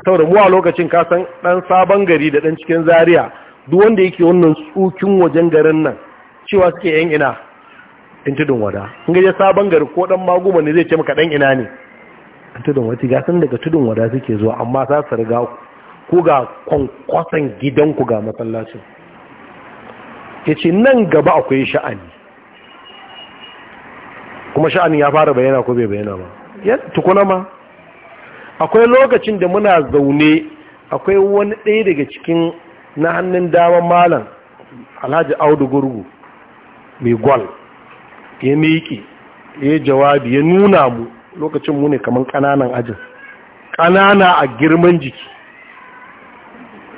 Speaker 1: saboda mu a lokacin kasan dan sabon gari da dan cikin Zariya duk wanda yake wannan tsukin wajen garin nan cewa suke yan ina in tudun wada in gaje sabon gari ko dan maguma ne zai ce maka dan ina ne in tudun wati ga sun daga tudun wada suke zuwa amma za su riga ku ga kwankwasan gidanku ga masallacin ya ce nan gaba akwai sha'ani kuma sha'ani ya fara bayyana ko bai bayyana ba ya tukuna ma akwai lokacin da muna zaune akwai wani ɗaya daga cikin na hannun daman malam alhaji audu gurgu mai gwal ya miƙe ya jawabi ya nuna mu lokacin mu ne kamar kananan ajin kanana a girman jiki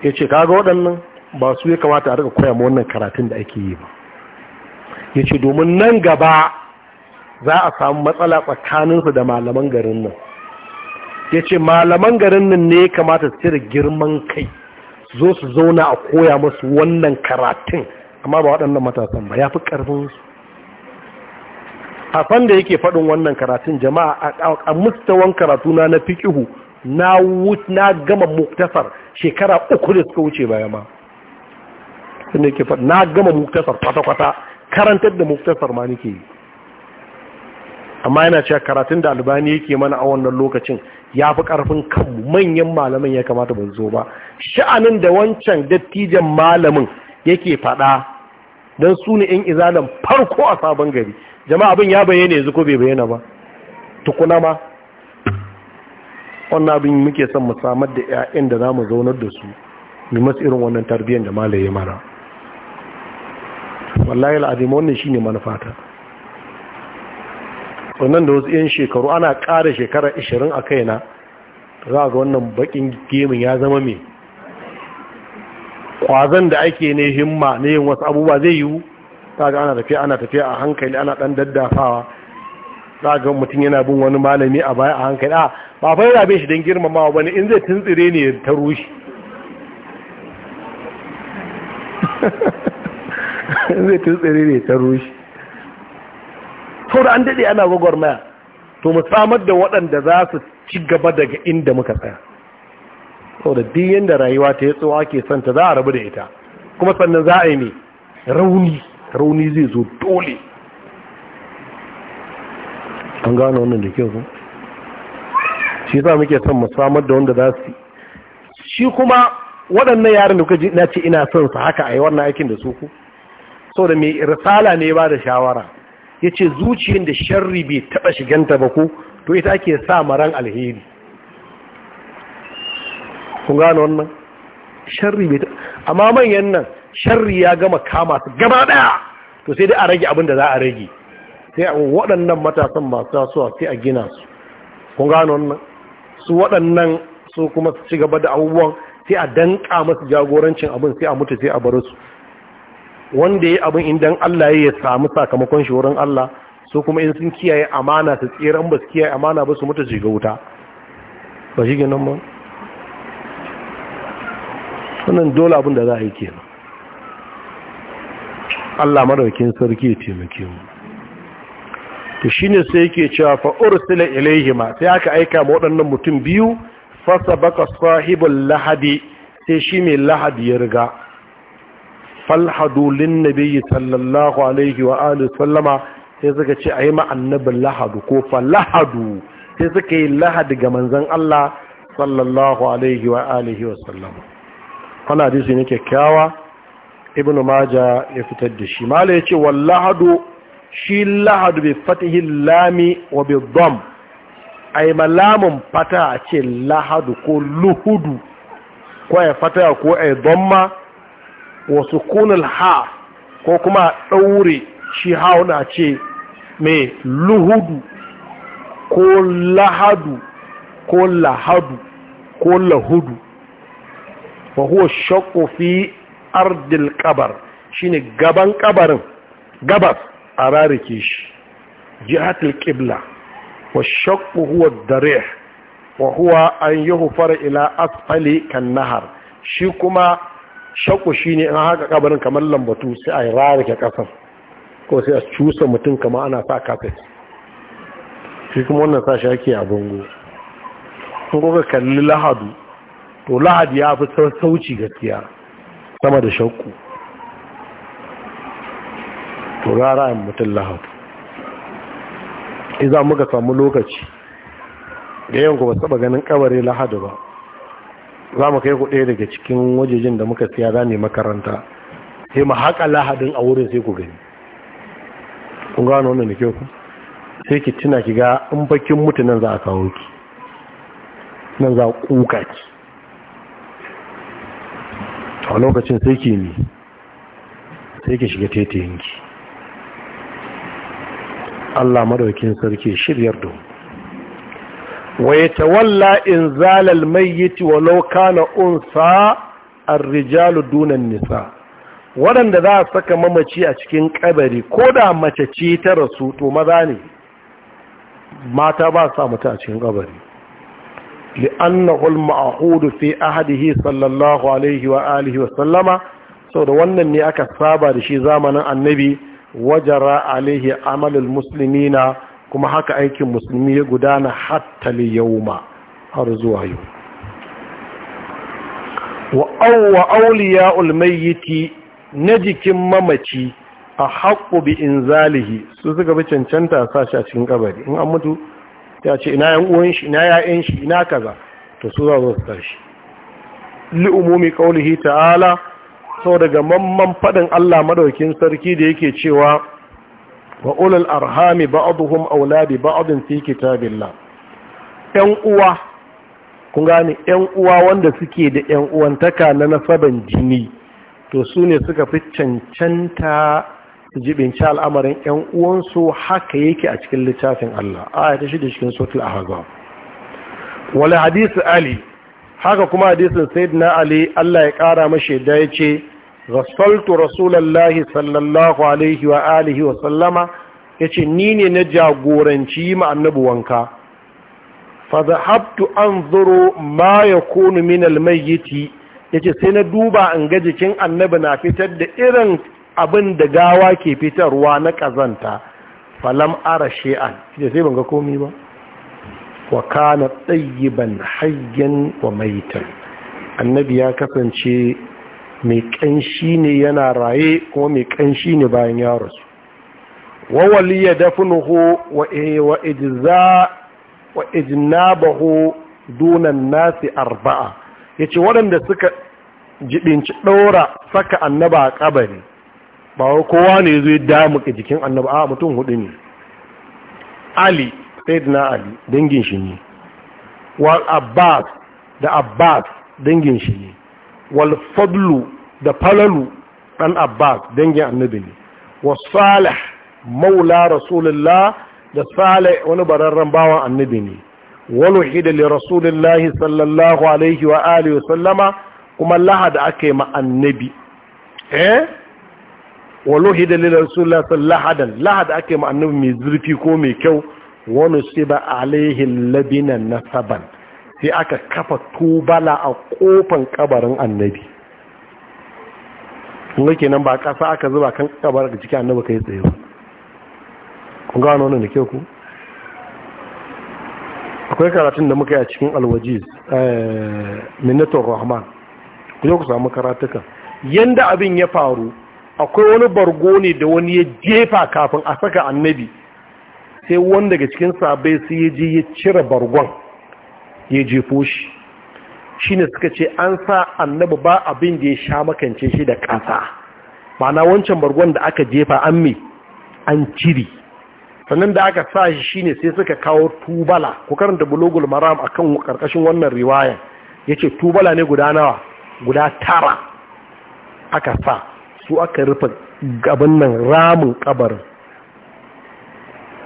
Speaker 1: ya ce kaga waɗannan ba su ya kamata a rika koya ma wannan karatun da ake yi ba ya ce domin nan gaba za a samu matsala tsakaninsu da malaman garin nan ya ce malaman garin nan ne ya kamata su cire girman kai zo su zauna a koya masu wannan karatun amma ba waɗannan matasan ba ya fi ƙarfinsu hafan da yake faɗin wannan karatun jama'a a mustawan karatuna na fiƙihu na na gama muktasar shekara uku da suka wuce baya ma tunda yake faɗi na gama muktasar kwata-kwata karantar da muktasar ma nake yi amma yana cewa karatun da albani yake mana a wannan lokacin ya fi ƙarfin kan manyan malamin ya kamata ban zo ba sha'anin da wancan dattijan malamin yake faɗa don su ne 'yan izalan farko a sabon gari jama'a abin ya bayyana yanzu ko bai bayyana ba tukuna ma wannan abin muke son mu samar da 'ya'yan da za mu zaunar da su mai masu irin wannan tarbiyyar da malaye mara wallahi al'adim wannan shine manufata wannan da wasu 'yan shekaru ana ƙara shekarar 20 a kaina za ga wannan bakin gemin ya zama mai kwazon da ake ne himma ne yin wasu abubuwa zai yiwu ga ana tafiya ana tafiya a hankali ana dan daddafawa ga mutum yana bin wani malami a baya a hankali a ba fa yana bin shi don girmamawa bane in zai tuntsire ne ta rushe in zai tuntsire ne ya rushe shi da an dade ana gwagwarmaya to mu samar da waɗanda za su ci gaba daga inda muka tsaya Sau da biyan da rayuwa ta yi tsawa ke son ta za a rabu da ita kuma sannan za a yi ne rauni rauni zai zo dole an gano wannan da kyau shi za muke son mu samar da wanda za su shi kuma waɗannan yaren da kuka ji na ce ina son su haka a yi wannan aikin da su ku Sau da mai risala ne ba da shawara ya ce zuciyar da sharri bai taɓa shiganta ba ku to ita ake sa maran alheri kun gano wannan sharri bai amma manyan nan sharri ya gama kama su gaba daya to sai dai a rage abin da za a rage sai waɗannan matasan masu tasowa sai a gina su kun gano wannan su waɗannan su kuma su ci gaba da abubuwan sai a danka masu jagorancin abin sai a mutu sai a bar su wanda ya abin idan Allah ya samu sakamakon shi wurin Allah su kuma in sun kiyaye amana su tsira in ba su kiyaye amana ba su mutu shiga wuta ba shi nan ba wannan dole abin da za a yi ke Allah madaukin sarki ya taimake mu to shine sai yake cewa fa ursila ilaihima sai aka aika ma waɗannan mutum biyu fasabaka sahibul lahadi sai shi mai lahadi ya riga falhadu lin nabiyyi sallallahu alaihi wa alihi sallama sai suka ce ayi ma annabin lahadu ko falahadu sai suka yi lahadi ga manzon Allah sallallahu alaihi wa alihi wa sallama wani hadisi ne kyakkyawa ibn maja ya fitar da shi mala ya ce wallahadu shi lahadu bai fatihi lami wa bai dom a yi malamun fata a ce lahadu ko luhudu ko a fata ko a yi domma wasu sukunul ha ko kuma ɗaure shi hauna ce mai luhudu ko lahadu ko lahadu ko lahudu fa huwa fi ardil qabr shine gaban kabarin gabas a rarike shi jihatul qibla wa shaqqu huwa darih wa huwa an yuhfar ila asfali kan nahar shi kuma shaqqu shine an haka kabarin kamar lambatu sai a rarike kasar ko sai a cusa mutum kamar ana sa kafet shi kuma wannan sashi ake a bango in kalli lahadu to lahadi ya fi sauci gaskiya sama da shakku to rara yin mutum lahadi Iza muka samu lokaci da yanku ba saba ganin kabari lahadi ba za mu kai ku ɗaya daga cikin wajejen da muka siya za ne makaranta sai mu haƙa lahadin a wurin sai ku gani kun gano wannan da ke ku sai ki tuna ki ga in bakin mutu nan za a kawo ki nan za a kuka ki a lokacin sai ke ne sai ke shiga taitayenki Allah madaukin sarki shiryar da waye tawalla in zalal mayyit lauka kana unsa ar-rijalu dunan nisa waɗanda za a saka mamaci a cikin ƙabari ko da mace ce ta rasu to maza ne mata ba sa mutu a cikin ƙabari. li'annahu al-ma'hud fi ahadihi sallallahu alaihi wa alihi wa sallama saboda wannan ne aka saba da shi zamanin annabi wajara alaihi amalul musulmina kuma haka aikin musulmi ya gudana hatta liyauma har zuwa yau wa awwa awliya'ul mayyiti na jikin mamaci a haƙƙo inzalihi su suka bi cancanta sashi a cikin kabari in an mutu ta ce ina yan uwan shi ina ya'yan shi ina kaza to su za su tashi li umumi qaulihi ta'ala so daga mamman fadin Allah madaukin sarki da yake cewa wa ulul arhami ba'dhum awla bi ba'd fi kitabillah yan uwa kun gane yan uwa wanda suke da yan uwantaka na nasaban jini to su ne suka fi cancanta jibinci al'amarin ‘yan uwansu haka yake a cikin littafin Allah aya ta shida cikin a hagawa. wani hadisi ali haka kuma hadisin sayyidina ali Allah ya kara mashi da ya ce rasultu rasulallahi sallallahu alaihi wa alihi wa sallama ya ce ni ne na jagoranci ma annabi wanka fazahabtu an zuro ma ya mai min almayyiti ya ce sai na duba an ga jikin annabi na fitar da irin abin da gawa ke fitarwa na ƙazanta falam ara shi'an da sai ban ga komi ba wa kana ban hayyan wa maitan annabi ya kasance mai ƙanshi ne yana raye kuma mai ƙanshi ne bayan ya rasu wa waliya dafnuhu wa wa ijza wa ijnabahu dunan nasi arba'a yace waɗanda suka jibinci ɗora saka annaba a ƙabari. ba kowa ne zai damuka jikin annabi a mutum hudu ne ali sayyidina ali dangin shi ne wal abbas da abbas dangin shi ne wal fadlu da falalu dan abbas dangin annabi ne wa salih maula rasulullah da salih wani bararren bawan annabi ne wal wahida li rasulullah sallallahu alaihi wa alihi wa sallama kuma lahada aka yi ma annabi eh walo su rasulullah lahadan lahad ake ma mai zurfi ko mai kyau wani shi ba alaihin labinan nasaban sai aka kafa tubala a kofan kabarin annabi kuma kenan ba kasa aka zuba kan kabarin da cikin annabi kai tsaye ba kun gano wannan da kyau ku akwai karatun da muka yi a cikin alwajiz eh, minnetor rahman ku ku samu karatukan yanda abin ya faru akwai wani bargo ne da wani ya jefa kafin a saka annabi sai wani daga cikin sabai sai ya je ya cire bargon ya jefo shi Shi ne suka ce an sa annabi ba abin da ya sha makance shi da ƙasa mana wancan bargon da aka jefa an me an ciri sannan da aka sa shi ne sai suka kawo tubala ko karanta bulogul maram akan karkashin wannan riwaya ce tubala ne guda nawa guda tara aka sa su aka rufe gaban nan ramin kabarin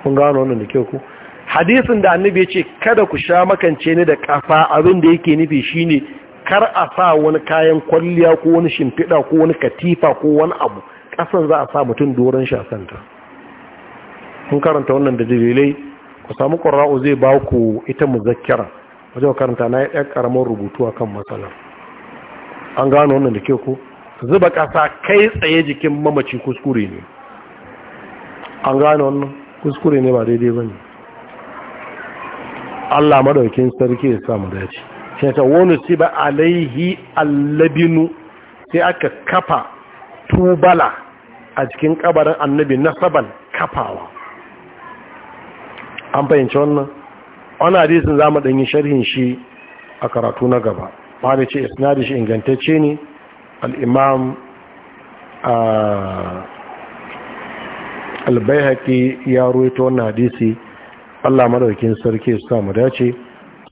Speaker 1: kun gano wannan da kyau ku hadisin da annabi ya ce kada ku sha makance ni da kafa abin da yake nufi shine kar a sa wani kayan kwalliya ko wani shimfiɗa ko wani katifa ko wani abu ƙasan za a sa mutum doron shasanta kun karanta wannan da dalilai ku samu ƙwararru zai ba ku ita muzakkira wajen karanta na yi ɗan ƙaramin rubutu a kan matsalar an gano wannan da ke ku zuba ƙasa kai tsaye jikin mamaci kuskure ne an gane wannan kuskure ne ba daidai ba ne allah maɗaukin sarki ya samu dace shi wani si ba alaihi allabinu sai aka kafa tubala a cikin kabarin annabi nasaban kafawa an fahimci wannan wani hadisin za mu ɗanyi sharhin shi a karatu na gaba ba da ce isnadi shi ingantacce ne al'imam albayhaki ya ruwaito wannan hadisi allah madaukin sarki su mu dace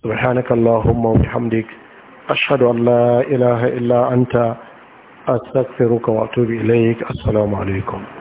Speaker 1: subhanaka allahumma wa bihamdik ashhadu an la ilaha illa anta astaghfiruka wa atubu ilaik assalamu alaikum